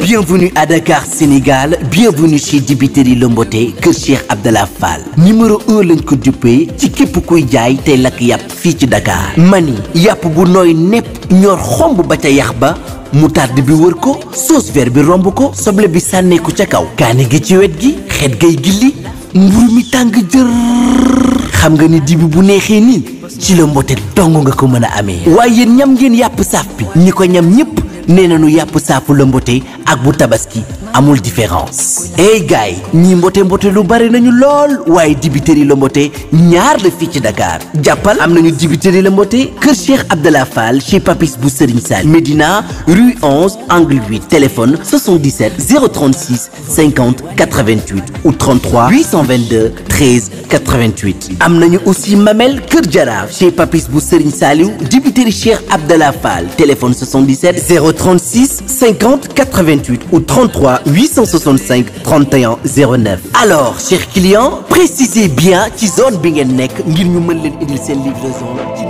Bienvenue à Dakar Sénégal bienvenue chez Dibiteri Lomboté kër Cheikh Abdallah Fall numéro un lañ ko duppee ci képp kuy jaay tey lakk yàpp fii ci Dakar mani yàpp bu nooy nepp ñor xomb ba ca yax ba moutarde bi wër ko sauce vert bi romb ko soble bi sànneeku ca kaw kaani gi ci wet gi xet gay gilli mburu mi tàng jër xam nga ni dibi bu neexee nii ci la mbote nga ko mën a amee waaye yéen ñam ngeen yàpp saaf bi ñi ko ñam ñëpp nee na nañu yàpp saafu la ak bu tabaski amul différence ey eh, gaay ñi mbote mbote lu bari nañu lool waaye dibiteri la mbote ñaar la fii ci Dakar jàppal am nañu dibiteri la mbote kër Cheikh Abdallah Fall chez Papis bu Serigne Sall Médina rue 11 angle 8 téléphone 77 036 50 88 ou 33 822 13 88 am nañu aussi Mamel Kër Jaraaf chez Papis bu Serigne Saliou dibiteri Cheikh Abdallah Fall téléphone 77 036 50 88 ou 33 865 31 09 alors chers clients précisez bien ci zone bi ngeen nekk ngir ñu mën leen indil seen livraison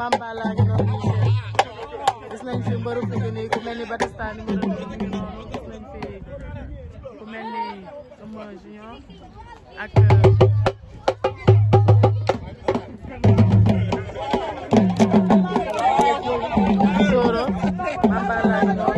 Mamba laa ngi doon gis nañ fi mbëru Pikine nii ku mel ni Batista numéro deux ngi noonu gis nañ fi ku mel ni Eumeu Junior ak Zoro euh, Mamba laa ngi noonu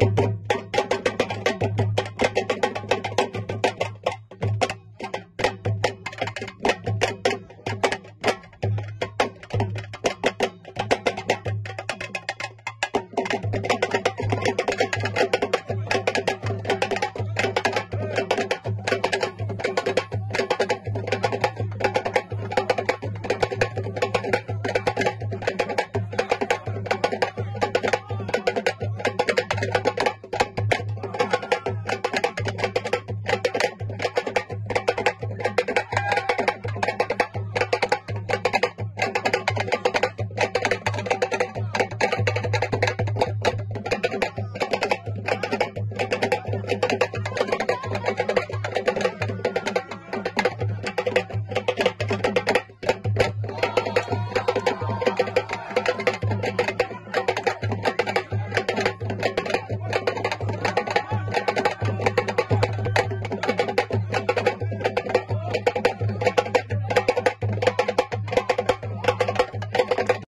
thank you